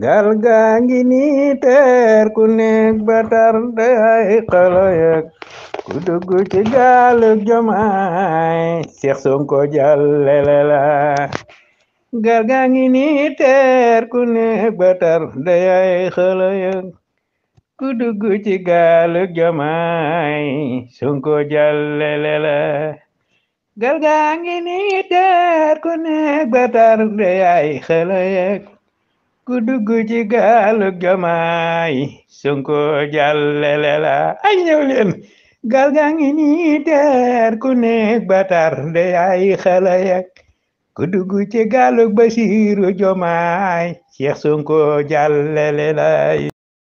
gaal gaa ngi nii ku nekk ba tar day ay xalo yëg ku dugg ci gaalug jomaay Seex Sonko jàllale la gaal gaa ngi nii ku nekk ba tar day ay xalo yëg ku dugg ci gaalug jomaay Sonko la gaal ngi nii ku nekk ba tar day ku dugg ci gaalu jomaay Sonko jàllale la ay ñëw gaal gaa ngi nii teer ku nekk batar de ay ku dugg ci gaalu Basiru jomaay Cheikh Sonko jàllale la